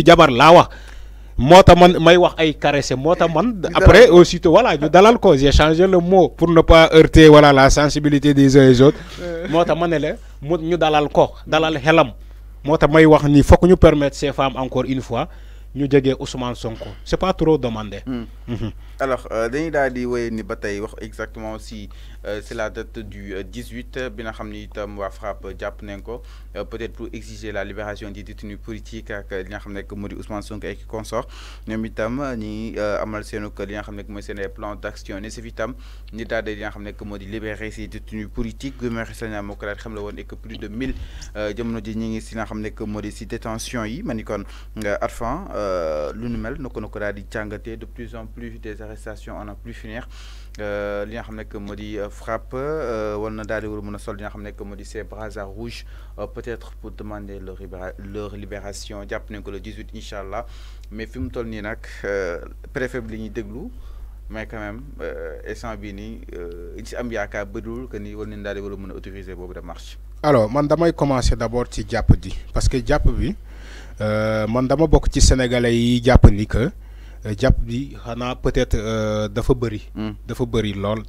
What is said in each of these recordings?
ci jabar la wax moo man may wax ay caresser man après aussitôt voilà ñu dalal ko j'ai changé le mot pour ne pas heurter voilà la sensibilité des uns et des autres euh. moo tax ma dans l'alcool ñu dalal ko dalal helam il faut may wax ni fokk ñu permettre ces femmes encore une fois ñu jege Ousmane Sonko c'est pas trop demandé. Hmm. Mhm. alors euh, dañuy daal di wéy ni ba wax exactement si euh, c'est la date du 18 euh, euh, bi nga xam ni itam waa FRAPP peut-être pour exiger la libération des détenus politiques ak li nga xam ne moo Ousmane Sonko ak consort ñoom itam ñi amal seen li nga xam ne mooy plan d'action ne si vitam ni daal li nga xam ne libérer ces détenus politiques Guy Marius Sagna ko xam la et que plus de 1000 jamono ji ñi ngi si nga xam ne moo si détention yi manikon ni Arfan lu ñu mel na ko ko di jàngatee de plus en plus des arrestations on a plus finir euh, li nga xam que moo euh, frappe on euh, na daal di war a mën a sol li nga xam que moo di bras à rouge, peut-être pour demander leur leur libération jàpp ko le 18 incha allah mais fi mu toll nii nag préfet bi li déglu mais quand même instant bii nii li ci am yaakaar bëriwul que ni war nañ daal di war autoriser boobu de marche. alors man damay commencer d'abord ci jàpp di parce que jàpp bi man dama bokk ci sénégalais yi jàpp ni que. Euh, Je bi peut-être euh, dafa bëri. Hmm. dafa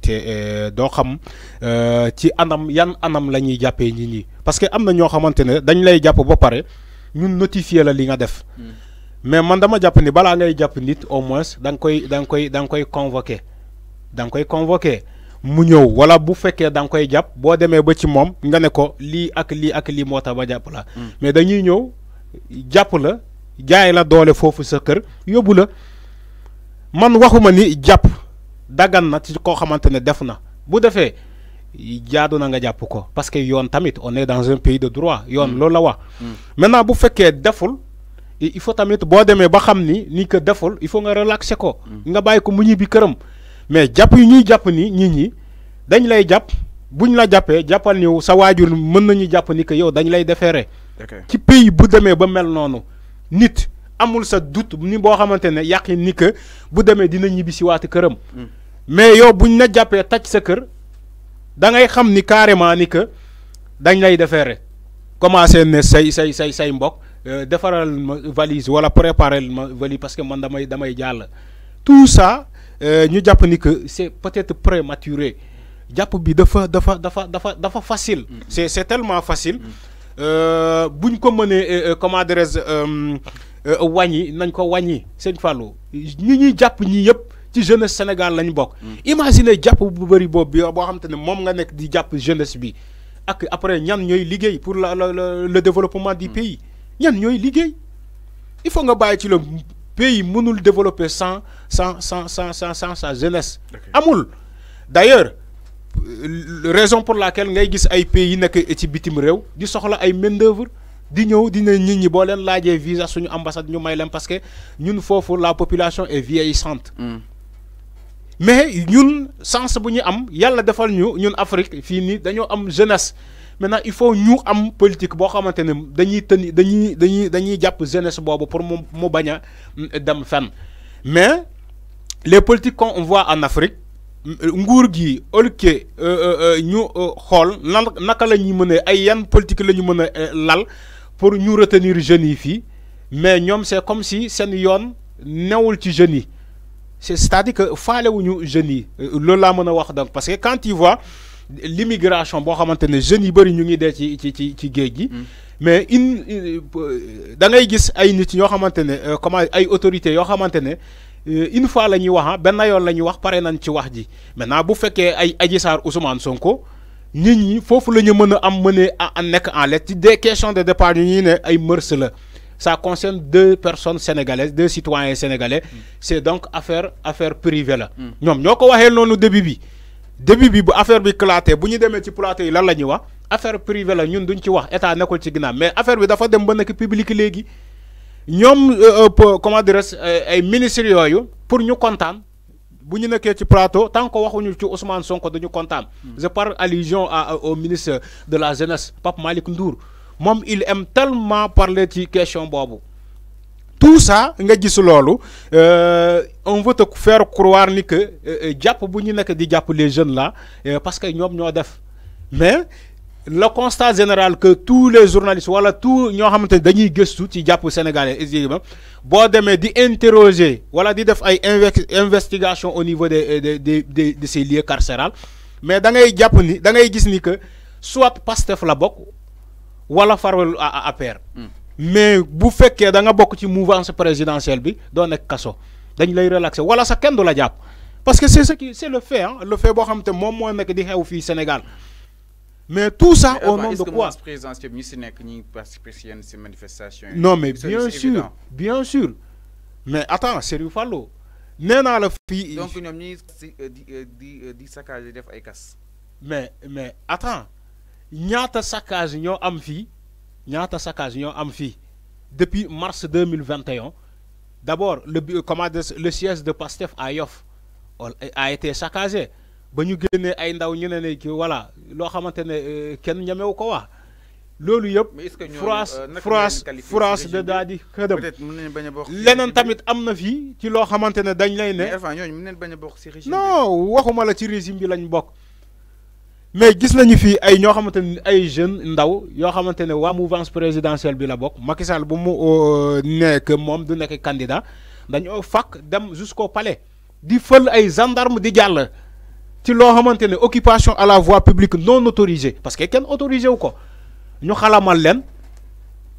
te euh, xam ci anam yan anam la ñuy nit parce que am na ñoo ne dañ lay jàpp pare ñun notifier la li nga def. Hmm. mais man dama jàpp ni au moins da koy da koy da koy koy mu wala bu fekkee da koy jàpp boo demee ba ci moom nga ne ko lii ak ak ba la hmm. mais dañuy la jaay la sa kër man waxuma ni jàpp daggan na ci koo xamante ne def na bu defee jaadu na nga jàpp ko parce que yoon tamit on est dans un pays de droit yoon mm. loolu la wax mm. maintenant bu fekkee deful il faut tamit boo demee ba xam ni ni ko deful il faut nga relaxer ko mm. nga bàyyi ko mu ñibbi këram mais jàpp yu ñuy jàpp ni nit ñi dañ lay jàpp bu ñu la jàppee jàppal ni sa waajur mën nañu jàpp ni que yow dañ lay defeere ci pays bu demee ba mel noonu nit amul sa doute ni bo xamantene ne ni que bu demee dina ñibbi si waati hmm. mais yow buñ na jappé taj sa kër da ngay xam ni carrément ni que dañ lay defeere commencer ne say say say say mbokk euh, defaral ma valise wala préparer ma valise parce que man damay damay jall tout ça euh, ñu japp ni que c'est peut être prématuré japp bi dafa dafa dafa dafa dafa facile. Hmm. c'est c'est tellement facile. Hmm. Euh, buñ ko mënee comment adresse euh, wañi nañ ko wañi sëñ Fallou ñi ñuy japp ñi yëpp ci jeunesse Sénégal lañ bok mm. imagine japp bu bari boobu bi boo xam te nga nek di japp jeunesse bi ak après ñan ñoy liggéey pour la le développement du mm. pays ñan ñoy liggéey il faut nga bàyyi ci le pays mënul développer sans sans sans sans sans sa jeunesse. amul d'ailleurs euh, raison pour laquelle ngay gis ay pays nek ci bitim rew di soxla ay main d'œuvre di ñëw dina nit ñi boo leen laajee visa suñu ambassade ñu may leen parce que ñun foofu la population est vieillissante. Mm. mais ñun sens bu ñu am yàlla defal ñu ñun Afrique fii nii dañoo am jeunesse maintenant il faut ñu am politique boo xamante ne dañuy tënni dañuy dañuy dañuy jàpp jeunesse boobu pour mu mu bañ a dem fenn mais les politiques on voit en Afrique nguur gi au lieu euh, euh, euh, ñu xool nan naka la ñuy mën ay yan politique la ñu mën a lal pour nous retenir jeunes fille mais nous c'est comme si nous c'est-à-dire que fallait nous la parce que quand tu vois l'immigration ne yi ñu ngi ci ci ci mm. mais in euh, da ngay gis ay nit ñoo euh, comment ay autorité euh, une fois la wax ben la wax paré nañ ci wax ji maintenant bu ay nit ñi foofu la ñu mën a am mënee à nekk en lettre ci des questions de départ yu ñuy ne ay mërs la ça concerne deux personnes sénégalaises deux citoyens sénégalais mm. c'est donc affaire affaire privée la mm. ñoom ñoo ko waxee noonu début bi début bi bu affaire bi claté bu ñu demee ci plateau yi lan la ñuy wax affaire privée la ñun duñ ci wax état nekkul ci ginnaaw mais affaire bi dafa dem ba nekk public léegi ñoom euh, euh, comment dire euh, ay ministres yooyu pour ñu kontaan bu ñu nekkee ci plateau tant que waxuñu ci Ousmane Sonko duñu kontaan. Hmm. je parle allusion à au ministre de la jeunesse Pape Malik Ndour mom il aime tellement parler ci question bobu tout ça nga gis euh on veut te faire croire ni que euh, euh, japp bu ñu nekk di japp les jeunes là euh, parce que ñom ñoo def mais le constat général que tous les journalistes wala tout ñoo xamante dañuy gëstu ci japp sénégalais ba boo demee di interroger wala di def ay investigation au niveau des des des de ces lieux carcérales mais da ngay japp ni da ngay gis ni que soit Pastef la bokk wala farwel à APR hmm. mais bu féké da nga bok ci mouvance présidentielle bi do nek kasso dañ lay relaxer wala sa kenn du la jàpp parce que c'est ce qui c'est le fait hein, le fait bo xamanté mom mo nek di xew fi Sénégal mais tout ça mais, au nom de quoi Non, mais bien sûr, bien sûr. Mais attends, c'est du fallo. Nena le fi. Donc, nous euh, avons euh, euh, saccage de Mais, mais attends. Nyata saccage nyo am fi. Nyata saccage nyo am fi. Depuis mars 2021, d'abord, le, le siège de Pastef à Yoff a été saccagé. Ben, nous avons dit que voilà lo xamantene ne euh, kenn ñamewu ko wax loolu yëpp. est France euh, France da daal di xëdëm. leneen tamit am na fii ci loo xamante ne dañ lay ne. non waxuma la ci régime bi lañ bokk. mais gis nañu fii ay ñoo xamante ne ay jeune ndaw yoo xamante ne waa mouvance présidentielle bi la bokk Macky Sall bu mu euh, nekk moom du nekk candidat dañoo fakk dem jusqu'au palais di fël ay gendarme di jàll ci lo xamantene occupation à la voie publique non autorisée parce que kenn autorisé wu ko ñu xalamal len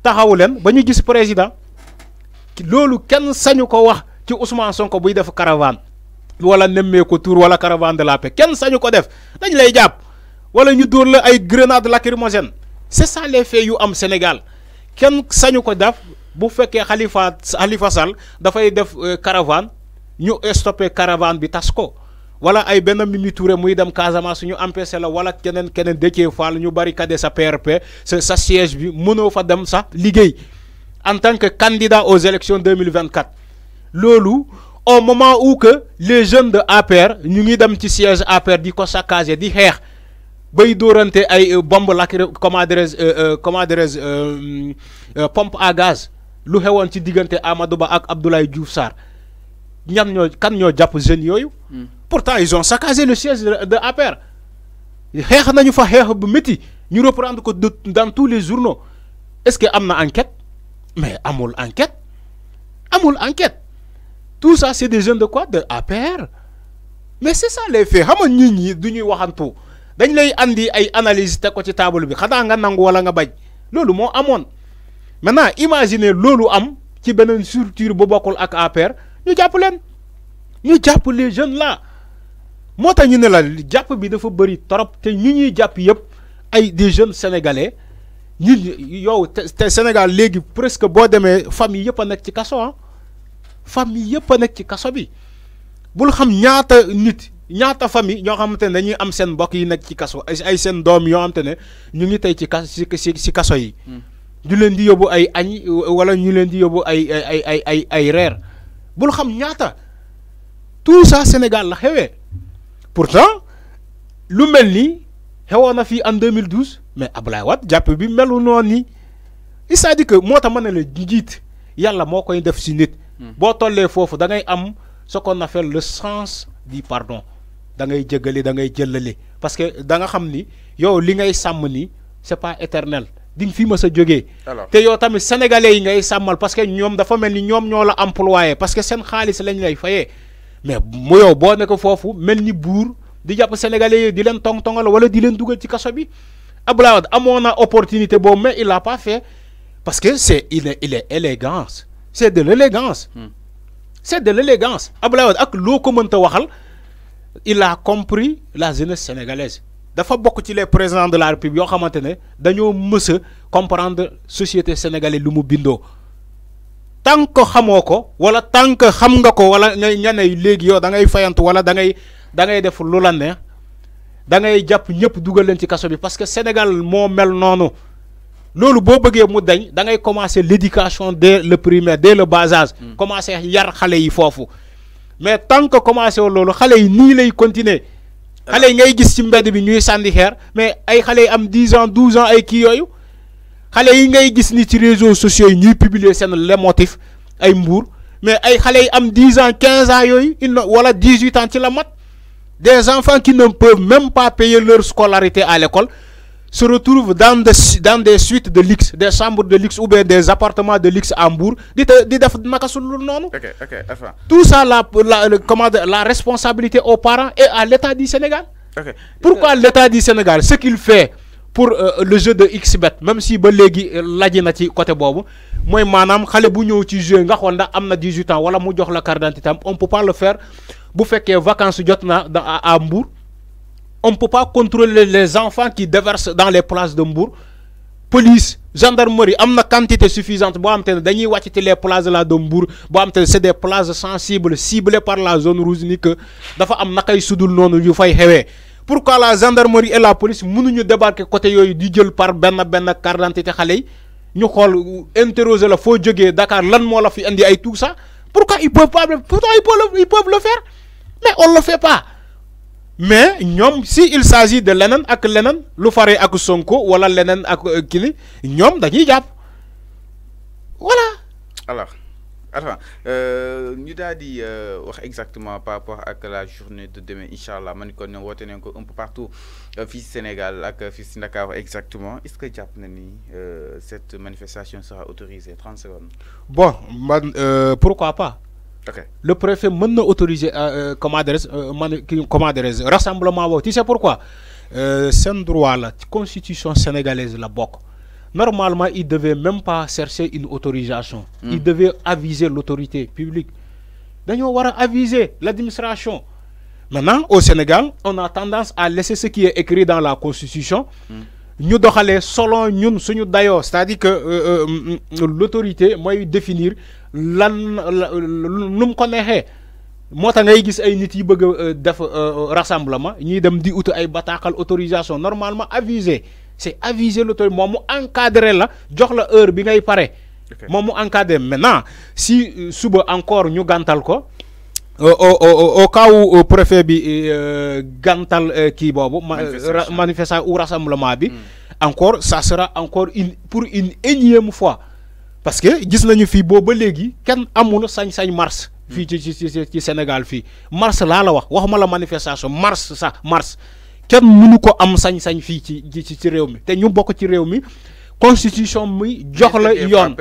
taxawu leen ba ñu gis président lolu kenn sañu ko wax ci Ousmane Sonko buy def caravane wala ko tour wala caravane de la paix kenn sañu ko def dañ lay japp wala ñu dóor la ay grenade lacrymogène c'est ça les faits yu am Sénégal kenn sañu ko def bu fekkee Khalifa Khalifa Sall fay def euh, caravane ñu stopper caravane bi tas ko wala ay benn Mimi Touré muy dem Casamance ñu empêché la wala keneen keneen Déthié Fall ñu barricadé sa PRP sa sa siège bi mënoo fa dem sax liggéey en tant que candidat aux élections 2024 loolu au moment où que les jeunes de APR ñu ngi dem ci siège APR di ko saccager di xeex bay dóorante ay euh, bomb lacry comment dirais euh, euh, comment dirais pompe à gaz lu xewoon ci diggante Amadou Ba ak Abdoulaye Diouf Sarr ñan ñoo kan ñoo jàpp jeunes yooyu. Hmm. pourtant ils ont saccagé le siège de APR. xeex nañu fa xeex bu métti ñu reprendre ko dans tous les journaux est-ce que am na enquête mais amul enquête amul enquête tout ça c'est des jeunes de quoi de APR mais c'est ça les faits xam nga ñi du ñuy dañ lay andi ay analyse te ko ci table bi xanaa nga nang wala nga bañ lolu mo amone maintenant imaginez lolu am ci benen structure bu bokul ak APR. ñu jàpp leen ñu jàpp les jeunes là moo tax ñu ne la jàpp bi dafa bëri trop te ñu ñuy jàpp yëpp ay des jeunes sénégalais ñun yow Sénégal léegi presque boo demee famille yëpp a nekk ci kaso ah famille yëpp a nekk ci kaso bi bul xam ñaata nit ñaata famille ñoo xamante ne dañuy am seen mbokk yi nekk ci kaso ay seen doom yoo xamante ne ñu ngi tey ci kas si ci kaso yi. Hmm. ñu leen di yóbbu ay añ wala ñu leen di yóbbu ay ay ay ay ay reer. xam tout ça Sénégal la pourtant lu mel on xewoon en 2012 mais Ablaye wat jàpp bi melu que cest que moo tax la koy def nit. Hmm. da am ce qu'on fait le sens du pardon da ngay da parce que da nga xam ni yow li c'est pas éternel diñ fi mës a jógee. te yow tamit sénégalais yi ngay samal parce que ñom dafa melni ñom ñoom ñoo la employé parce que sen xaalis lañ lay fayé mais mu yow bo nekk fofu melni ni di japp sénégalais yi di len tong-tongal wala di len dugal ci kasso bi Abdoulaye amona opportunité bo mais il l'a pas fait parce que c'est il est élégance c'est de l'élégance hmm. c'est de l'élégance Abdoulaye ak loo ko mënta waxal il a compris la jeunesse sénégalaise dafa bok ci les présidents de la république yo xamantene dañu dañoo comprendre société sénégalaise lu mu bindoo tant que xamoo wala tant que xam nga ko wala ña ne léegi yow da ngay fayantu wala da ngay da ngay def lu la neex da ngay japp ñëpp duggal len ci kasso bi parce que Sénégal mo mel nonu lolu bo bëggee mu dañ da ngay commencer l'éducation dès le primaire dès le bas âge. Hmm. commencer yar xale yi fofu mais tant que commencé woon loolu xale yi ni lay continuer xale ngay gis ci mbedd bi ñuy sànni xeer mais ay xale am 10 ans 12 ans ay kii yooyu xale yi ngay gis ni ci réseaux sociaux yi ñuy publier seen le motifs ay mbuur mais ay xale yi am 10 ans 15 ans yooyu il wala 18 ans ci la mat des enfants qui ne peuvent même pas payer leur scolarité à l'école se retrouvent dans des, dans des suites de luxe, des chambres de luxe ou bien des appartements de luxe à Hambourg, tout ça, la, la, la, la responsabilité aux parents et à l'État du Sénégal. Pourquoi l'État du Sénégal, ce qu'il fait pour euh, le jeu de XBet, même si Belégui a dit côté Bobo, moi, madame, si vous avez joué, a avez 18 ans, voilà, vous avez la carte d'identité, on ne peut pas le faire. Vous faites que vacances à Hambourg on ne peut pas contrôler les enfants qui déversent dans les places de Mbour police gendarmerie am quantité suffisante Bon, xam te ne dañuy ci les places là de Mbour c'est des places sensibles ciblées par la zone rouge ni que dafa am nakay sudul noonu yu fay xewee pourquoi la gendarmerie et la police mënuñu débarquer côté du di jël par ben ben de d'identité xale yi ñu interroger la foo jogué Dakar lan mo la fi indi ay tout ça pourquoi ils peuvent pas pourtant ils peuvent le faire mais on le fait pas mais ñom si il s'agit de lenen ak lenen lu faré ak Sonko wala lenen ak euh, kili ñom dañuy japp voilà. alors nous euh, ñu daal euh, exactement par rapport à la journée de demain inshallah allah ma ni ko un peu partout fils du Sénégal ak fils dakar exactement est-ce que cette manifestation sera autorisée 30 secondes. bon pourquoi pas le préfet m'a na autoriser euh, euh, commander, euh, le rassemblement tu sais pourquoi c'est un droit la constitution sénégalaise la boc. normalement il devait même pas chercher une autorisation hmm. il devait aviser l'autorité publique Il on aviser l'administration maintenant au Sénégal on a tendance à laisser ce qui est écrit dans la constitution hmm ñu aller selon ñun suñu dayo c'est-à-dire que euh, euh, l'autorité moy définir lan que nous ko nexé mota ngay gis ay nit yi bëgg euh, def rassemblement ñi dem di outu ay autorisation normalement avisé c'est aviser l'autorité momu encadrer encadré la jox la heure bi ngay paré momu encadrer maintenant si suba encore ñu gantal ko au cas où euh, préfet bi euh, gantal euh, ki bobu manifestation ou rassemblement bi. Hmm. encore ça sera encore une pour une énième fois. parce que gis nañu fi bobu légui ken kenn sañ-sañ mars. fi ci ci Sénégal fi mars la la wax waxuma la manifestation mars ça mars ken munu ko am sañ-sañ fi ci ci ci réew mi ñu bokk ci réew constitution muy jox la yoon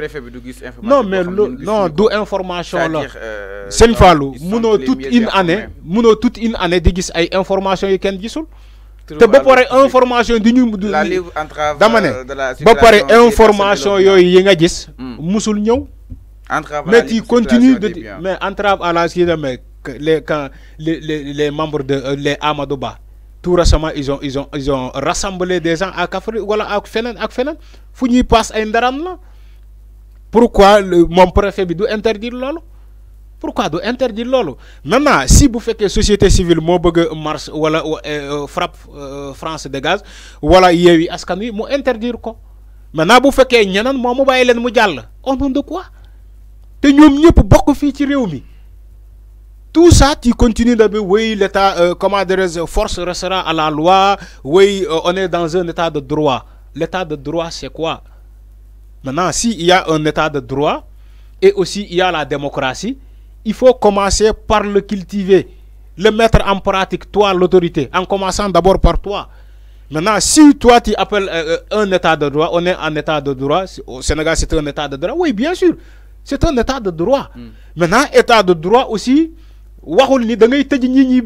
non mais non du information la seigne euh, Fallou munoo toute une année munoo toute une année di gis ay information yu kenn gisul te ba pare information di ñu dama ne ba pare information yoy yi nga gis hmm. musul ñew mais tu continue de mais entrave à la circulation mais les quand les les membres de euh, les amadouba tout récemment ils ont ils ont ils ont rassemblé des gens à Kafri wala à Pourquoi ak feneen fu ñuy ay ndaram la pourquoi mon préfet bi do interdire lolo? pourquoi do interdire lolo? maintenant si vous que société civile mo bëgg marche wala euh, euh, frappe euh, France gaz wala yewi Askan Wi mu interdire ko maintenant vous que ñanan mo mu bàyyi mu jall au nom de quoi te ñom ñëpp bokk ci tout ça, tu continues de oui, l'État, euh, comment dire, euh, force restera à la loi, oui, euh, on est dans un état de droit. L'état de droit, c'est quoi Maintenant, s'il y a un état de droit et aussi il y a la démocratie, il faut commencer par le cultiver, le mettre en pratique, toi, l'autorité, en commençant d'abord par toi. Maintenant, si toi tu appelles un état de droit, on est en état de droit, au Sénégal c'est un état de droit, oui, bien sûr, c'est un état de droit. Hmm. Maintenant, état de droit aussi, waxul ni da ngay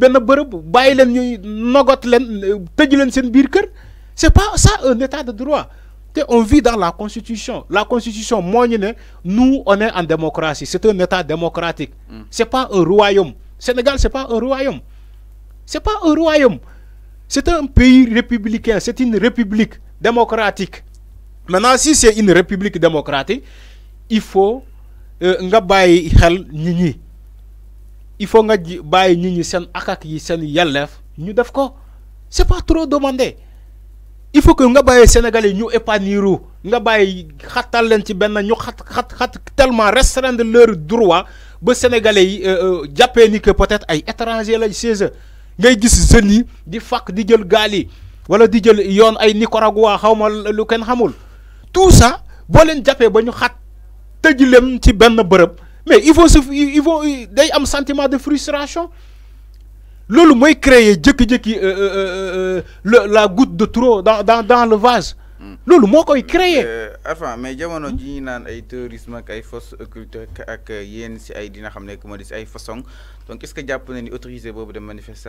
nogot leen c'est pas ça un état de droit on vit dans la constitution la constitution moo nous on est en démocratie c'est un état démocratique hmm. c'est pas un royaume Sénégal c'est pas un royaume c'est pas un royaume c'est un pays républicain c'est une république démocratique maintenant si c'est une république démocratique il faut euh, nga bàyyi xel nit il faut nga ji bàyyi nit ñi seen ak yi sen yelleef ñu def ko c'est pas trop demandé il faut que nga baye Sénégalais ñu épanouir nga baye xatal len ci ben ñu xat xat xat tellement restreindre leur droit ba sénégalais yi euh, euh, jappé ni que peut-être ay étrangers la chez eux ngay gis jeune yi di fak di jël gaal yi wala di jël yoon ay Nicaragua xaw ma lu ken xamul tout ça bo len jappé ba ñu xat tëj ci ben bërëb mais ils vont se ils vont day am sentiment de frustration lolu moy créer jékki-jékki euh, euh, euh, le la goutte de trop dans dans dans le vase. Hmm. lolu moo koy créer. enfin mais jamono ji ñu naan ay terrorisme ak ay forces occultes ak yéen si ay dina xamné ko ku ma ay façon donc est-ce que japp na ni autorisé bobu de manifester.